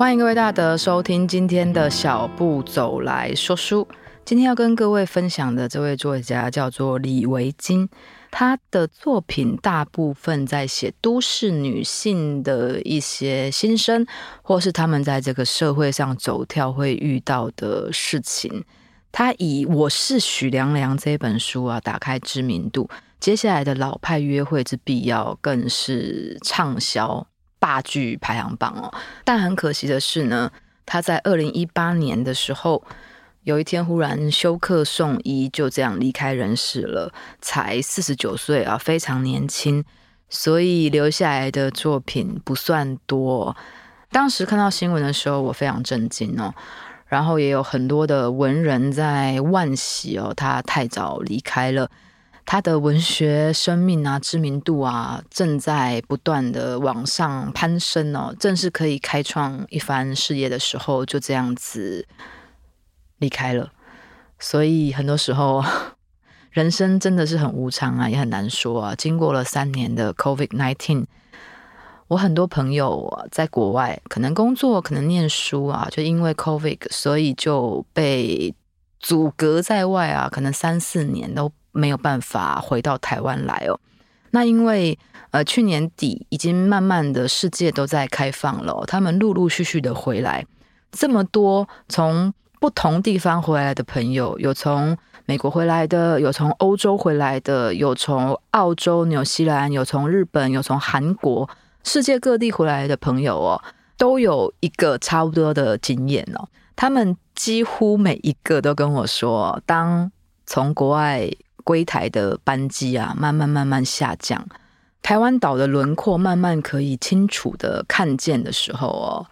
歡迎各位大德收聽今天的小步走來說書。今天要跟各位分享的這位作家叫做李維菁，他的作品大部分在寫都市女性的一些心聲，或是她們在這個社會上走跳會遇到的事情。他以《我是許涼涼》這本書啊打開知名度，接下來的老派約會之必要更是暢銷。霸踞排行榜哦，但很可惜的是呢，他在二零一八年的時候，有一天忽然休克送醫，就這樣離開人世了，才四十九歲啊，非常年輕，所以留下來的作品不算多哦。當時看到新聞的時候，我非常震驚哦，然後也有很多的文人在惋惜哦，他太早離開了。他的文學生命啊，知名度啊，正在不斷的往上攀升哦，啊，正是可以開創一番事業的時候，就這樣子離開了。所以很多時候，人生真的是很無常啊，也很難說啊。經過了三年的 COVID-19，我很多朋友啊，在國外，可能工作，可能念書啊，就因為 COVID，所以就被阻隔在外啊，可能三四年都。沒有辦法回到台灣來哦。那因為呃，去年底已經慢慢的世界都在開放了哦，他們陸陸續續的回來，這麼多從不同地方回來的朋友，有從美國回來的，有從歐洲回來的，有從澳洲、紐西蘭，有從日本，有從韓國，世界各地回來的朋友哦，都有一個差不多的經驗哦。他們幾乎每一個都跟我說，當從國外。歸台的班機啊，慢慢慢慢下降，台灣島的輪廓慢慢可以清楚的看見的時候哦，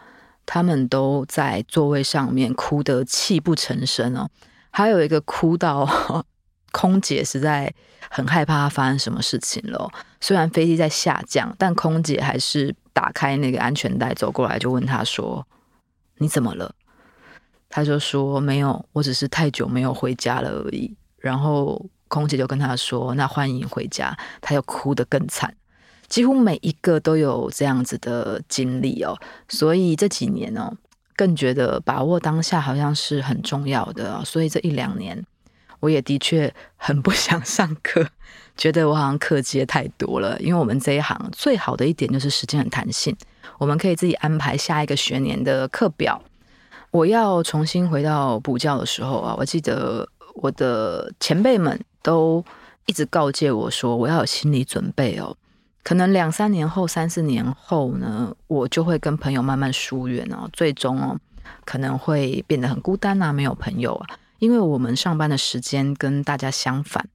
他們都在座位上面哭得泣不成聲哦。還有一個哭到空姐實在很害怕發生什麼事情了。雖然飛機在下降，但空姐還是打開那個安全帶走過來就問他說：“你怎麼了？”他就說：“沒有，我只是太久沒有回家了而已。”然後。空姐就跟他說：“那歡迎回家。”他又哭得更慘，幾乎每一個都有這樣子的經歷哦。所以這幾年哦，更覺得把握當下好像是很重要的哦。所以這一兩年，我也的確很不想上課，覺得我好像課接太多了。因為我們這一行最好的一點就是時間很彈性，我們可以自己安排下一個學年的課表。我要重新回到補教的時候啊，我記得我的前輩們。都一直告誡我說，我要有心理準備哦，可能兩三年後、三四年後呢，我就會跟朋友慢慢疏遠哦，最終哦，可能會變得很孤單啊，沒有朋友啊，因為我們上班的時間跟大家相反，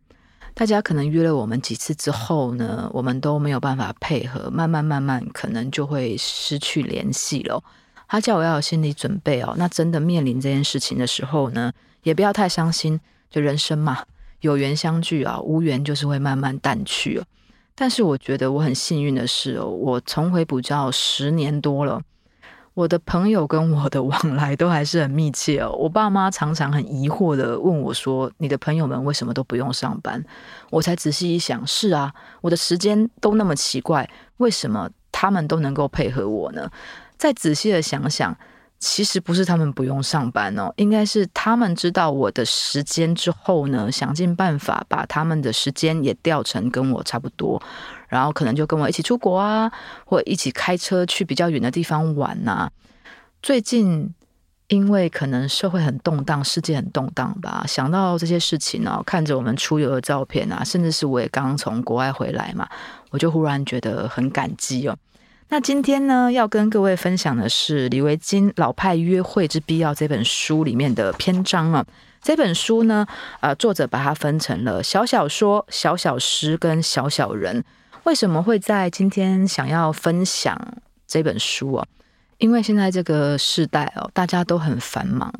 大家可能約了我們幾次之後呢，我們都沒有辦法配合，慢慢慢慢，可能就會失去聯繫了哦。他叫我要有心理準備哦，那真的面臨這件事情的時候呢，也不要太傷心，就人生嘛。有緣相聚啊，無緣就是會慢慢淡去，喔、但是我覺得我很幸運的是哦、喔，我重回補教十年多了，我的朋友跟我的往來都還是很密切哦、喔。我爸媽常常很疑惑的問我說：“你的朋友們為什麼都不用上班？”我才仔細一想，是啊，我的時間都那麼奇怪，為什麼他們都能夠配合我呢？再仔細的想想。其實不是他們不用上班哦，應該是他們知道我的時間之後呢，想盡辦法把他們的時間也調成跟我差不多，然後可能就跟我一起出國啊，或一起開車去比較遠的地方玩吶、啊。最近因為可能社會很動盪，世界很動盪吧，想到這些事情哦，看着我們出遊的照片啊，甚至是我也剛從國外回來嘛，我就忽然覺得很感激哦。那今天呢，要跟各位分享的是李維菁《老派約會之必要》這本書裡面的篇章啊。這本書呢，呃，作者把它分成了小小說、小小詩跟小小人。為什麼會在今天想要分享這本書啊？因為現在這個世代哦，大家都很繁忙。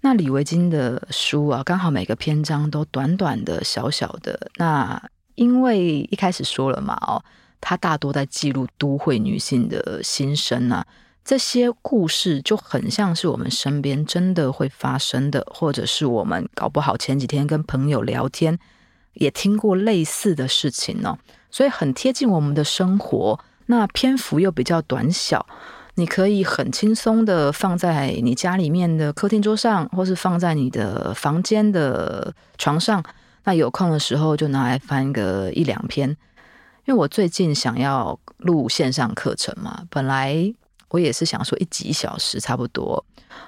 那李維菁的書啊，剛好每個篇章都短短的、小小的。那因為一開始說了嘛，哦。它大多在記錄都會女性的心聲呢、啊、這些故事就很像是我們身邊真的會發生的，或者是我們搞不好前幾天跟朋友聊天也聽過類似的事情呢、喔，所以很貼近我們的生活。那篇幅又比較短小，你可以很輕鬆的放在你家裡面的客廳桌上，或是放在你的房間的床上。那有空的時候就拿來翻個一兩篇。因為我最近想要錄線上課程嘛，本來我也是想說，一幾小時差不多，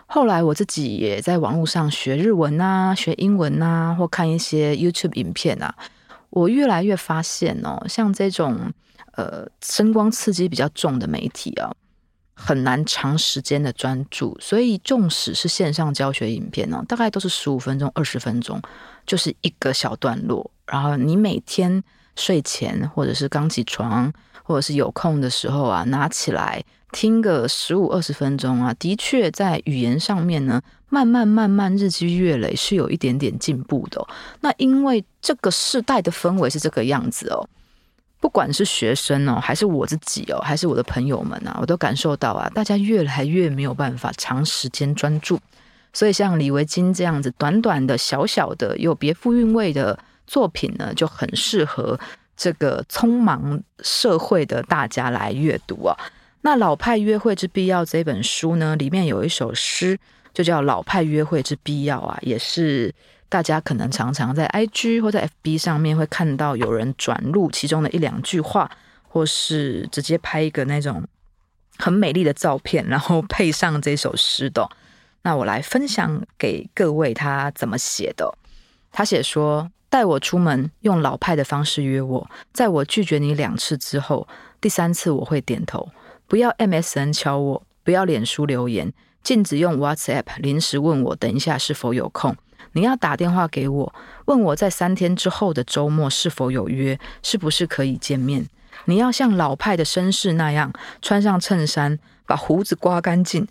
後來我自己也在網絡上學日文啊、學英文啊，或看一些 YouTube 影片啊，我越來越發現哦，像這種呃聲光刺激比較重的媒體啊，很難長時間的專注，所以縱使是線上教學影片哦、啊，大概都是十五分鐘、二十分鐘，就是一個小段落，然後你每天。睡前，或者是剛起床，或者是有空的時候啊，拿起來聽個十五二十分鐘啊，的確在語言上面呢，慢慢慢慢日積月累是有一點點進步的、哦。那因為這個世代的氛圍是這個樣子哦，不管是學生哦，還是我自己哦，還是我的朋友們啊，我都感受到啊，大家越來越沒有辦法長時間專注，所以像李維菁這樣子，短短的小小的又別具韻味的。作品呢，就很適合這個匆忙社會的大家來閱讀啊。那《老派約會之必要》這本書呢，裡面有一首詩，就叫《老派約會之必要》啊，也是大家可能常常在 IG 或在 FB 上面會看到有人轉錄其中的一兩句話，或是直接拍一個那種很美麗的照片，然後配上這首詩的哦。那我來分享給各位他怎麼寫的哦，他寫說。在我出門用老派的方式約我，在我拒絕你兩次之後，第三次我會點頭。不要 MSN 敲我，不要臉書留言，禁止用 WhatsApp 臨時問我等一下是否有空。你要打電話給我，問我在三天之後的周末是否有約，是不是可以見面。你要像老派的紳士那樣，穿上襯衫，把鬍子刮乾淨，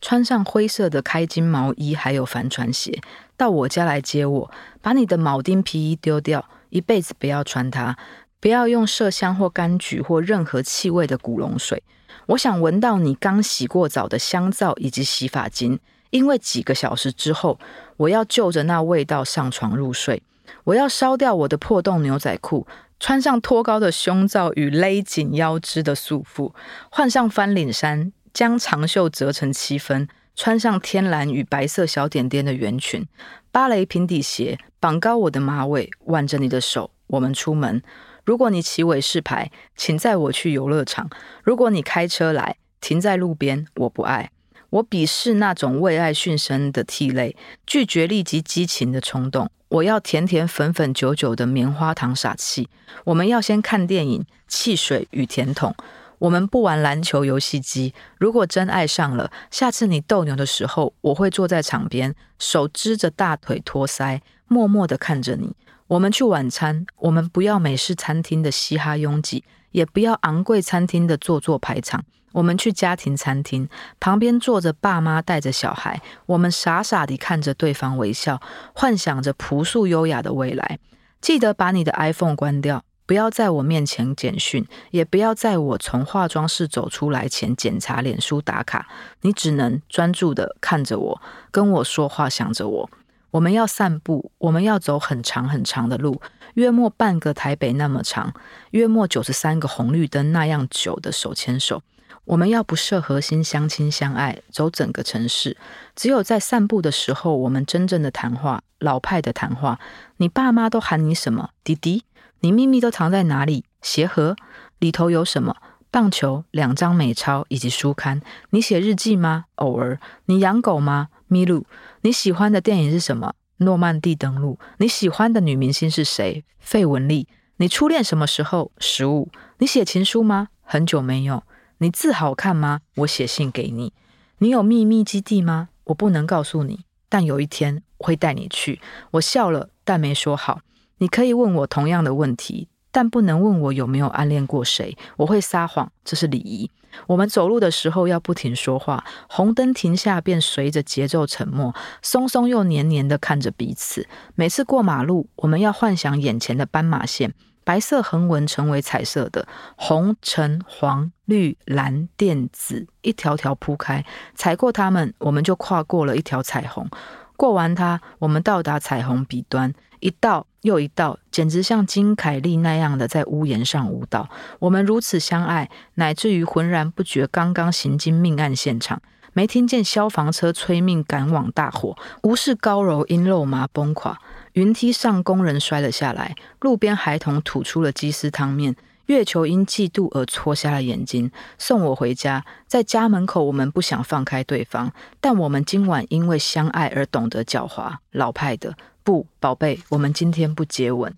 穿上灰色的開襟毛衣，還有帆船鞋。到我家來接我，把你的鉚釘皮衣丟掉，一輩子不要穿它，不要用麝香或柑橘或任何氣味的古龍水。我想聞到你剛洗過澡的香皂以及洗髮精，因為幾個小時之後，我要就着那味道上床入睡。我要燒掉我的破洞牛仔褲，穿上托高的胸罩與勒緊腰肢的束縛，換上翻領衫，將長袖折成七分。穿上天藍與白色小點點的圓裙，芭蕾平底鞋，綁高我的馬尾，挽着你的手，我們出門。如果你騎偉士牌，請載我去遊樂場。如果你開車來，停在路邊，我不愛。我鄙視那種為愛殉身的涕淚，拒絕立即激情的衝動。我要甜甜粉粉久久的棉花糖傻氣。我們要先看電影《汽水與甜筒》。我們不玩籃球遊戲機。如果真愛上了，下次你鬥牛的時候，我會坐在場邊，手支着大腿托腮，默默地看着你。我們去晚餐，我們不要美式餐廳的嘻哈擁擠，也不要昂貴餐廳的做作排場。我們去家庭餐廳，旁邊坐着爸媽帶着小孩，我們傻傻地看着對方微笑，幻想着樸素優雅的未來。記得把你的 iPhone 關掉。不要在我面前簡訊，也不要在我從化妝室走出來前檢查臉書打卡。你只能專注的看着我，跟我說話，想着我。我們要散步，我們要走很長很長的路，約莫半個台北那麼長，約莫九十三個紅綠燈那樣久的手牽手。我們要不設核心相親相愛，走整個城市。只有在散步的時候，我們真正的談話，老派的談話。你爸媽都喊你什麼，弟弟？你秘密都藏在哪裡？鞋盒裡頭有什麼？棒球、兩張美鈔以及書刊。你寫日記嗎？偶爾。你養狗嗎？麋鹿。你喜歡的電影是什麼？諾曼底登陸。你喜歡的女明星是誰？費雯麗。你初戀什麼時候？十五。你寫情書嗎？很久沒有。你字好看嗎？我寫信給你。你有秘密基地嗎？我不能告訴你，但有一天我會帶你去。我笑了，但沒說好。你可以問我同樣的問題，但不能問我有沒有暗戀過誰。我會撒謊，這是禮儀。我們走路的時候要不停說話，紅燈停下便隨着節奏沉默，松鬆又黏黏的看着彼此。每次過馬路，我們要幻想眼前的斑馬線，白色橫紋成為彩色的，紅、橙、黃、綠、藍、靛、紫，一條條鋪開，踩過它們，我們就跨過了一條彩虹。過完它，我們到達彩虹彼端，一道又一道，簡直像金凱利那樣的在屋檐上舞蹈。我們如此相愛，乃至於渾然不覺剛剛行經命案現場，沒聽見消防車催命趕往大火，無視高樓因肉麻崩垮，雲梯上工人摔了下來，路邊孩童吐出了雞絲湯麵。月球因嫉妒而戳瞎了眼睛，送我回家。在家門口，我們不想放開對方，但我們今晚因為相愛而懂得狡猾。老派的，不，寶貝，我們今天不接吻。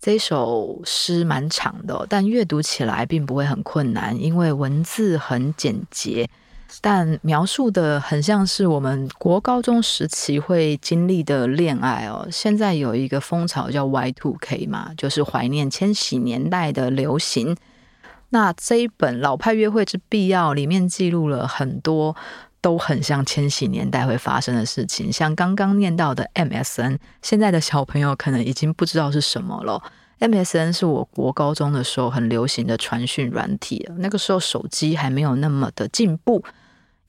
這首詩蠻長的哦，但閱讀起來並不會很困難，因為文字很簡潔。但描述的很像是我們國高中時期會經歷的戀愛哦。現在有一個風潮叫 Y2K 嘛，就是懷念千禧年代的流行。那這一本《老派約會之必要》裡面記錄了很多都很像千禧年代會發生的事情，像剛剛唸到的 MSN，現在的小朋友可能已經不知道是什麼了。MSN 是我國高中的時候很流行的傳訊軟體，那個時候手機還沒有那麼的進步，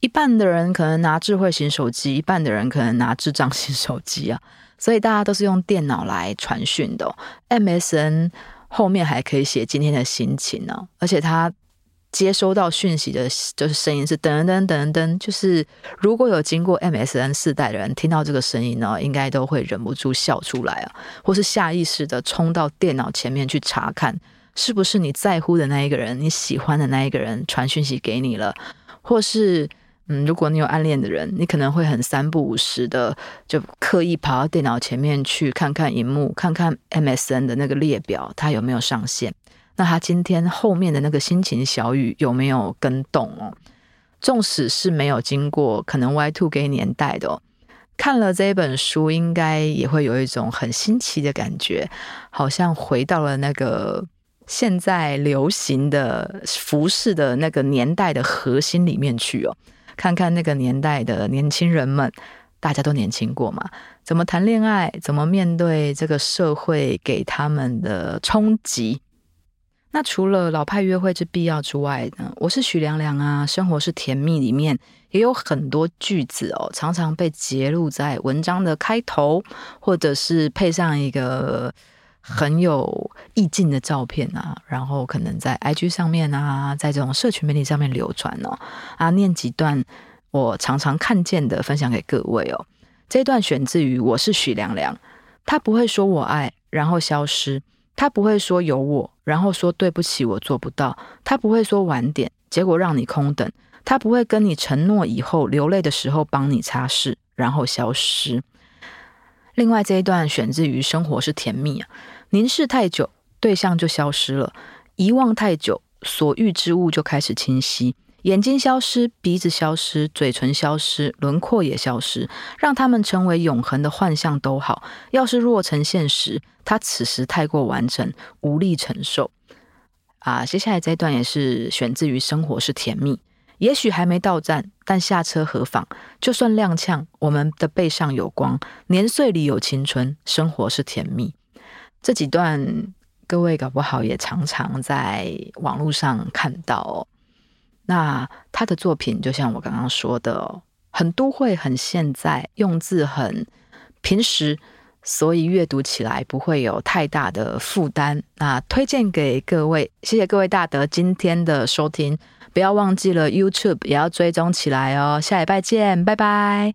一半的人可能拿智慧型手機，一半的人可能拿智障型手機啊，所以大家都是用電腦來傳訊的、哦。MSN 後面還可以寫今天的心情呢、哦，而且它。接收到訊息的就是聲音是噔噔噔噔噔，就是如果有經過 MSN 世代的人聽到這個聲音呢，應該都會忍不住笑出來啊，或是下意識的衝到電腦前面去查看，是不是你在乎的那一個人，你喜歡的那一個人傳訊息給你了，或是嗯，如果你有暗戀的人，你可能會很三不五時的就刻意跑到電腦前面去看看螢幕，看看 MSN 的那個列表，他有沒有上線。那他今天後面的那個心情，小雨有沒有跟動哦？縱使是沒有經過可能 Y2K 年代的，哦。看了這本書，應該也會有一種很新奇的感覺，好像回到了那個現在流行的服飾的那個年代的核心裡面去哦。看看那個年代的年輕人們，大家都年輕過嘛？怎麼談戀愛？怎麼面對這個社會給他們的衝擊？那除了老派約會之必要之外呢，我是許涼涼啊，生活是甜蜜裡面也有很多句子哦，常常被截錄在文章的開頭，或者是配上一個很有意境的照片啊，然後可能在 IG 上面啊，在這種社群媒體上面流傳哦。啊，念幾段我常常看見的，分享給各位哦。這一段選自於我是許涼涼，他不會說我愛，然後消失。他不會說有我，然後說對不起我做不到。他不會說晚點，結果讓你空等。他不會跟你承諾以後流淚的時候幫你擦拭，然後消失。另外這一段選自於《生活是甜蜜》啊，凝視太久，對象就消失了；遺忘太久，所遇之物就開始清晰。眼睛消失，鼻子消失，嘴唇消失，輪廓也消失，讓他們成為永恆的幻象都好。要是若成現實，他此時太過完整，無力承受。啊，接下來這一段也是選自於《生活是甜蜜》，也許還沒到站，但下車何妨？就算踉蹌，我們的背上有光，年歲裡有青春，生活是甜蜜。這幾段，各位搞不好也常常在網絡上看到哦。那他的作品就像我剛剛說的哦，很都會很現在，用字很平實，所以閱讀起來不會有太大的負擔。那推薦給各位，謝謝各位大德今天的收聽，不要忘記了 YouTube 也要追蹤起來哦。下禮拜見，拜拜。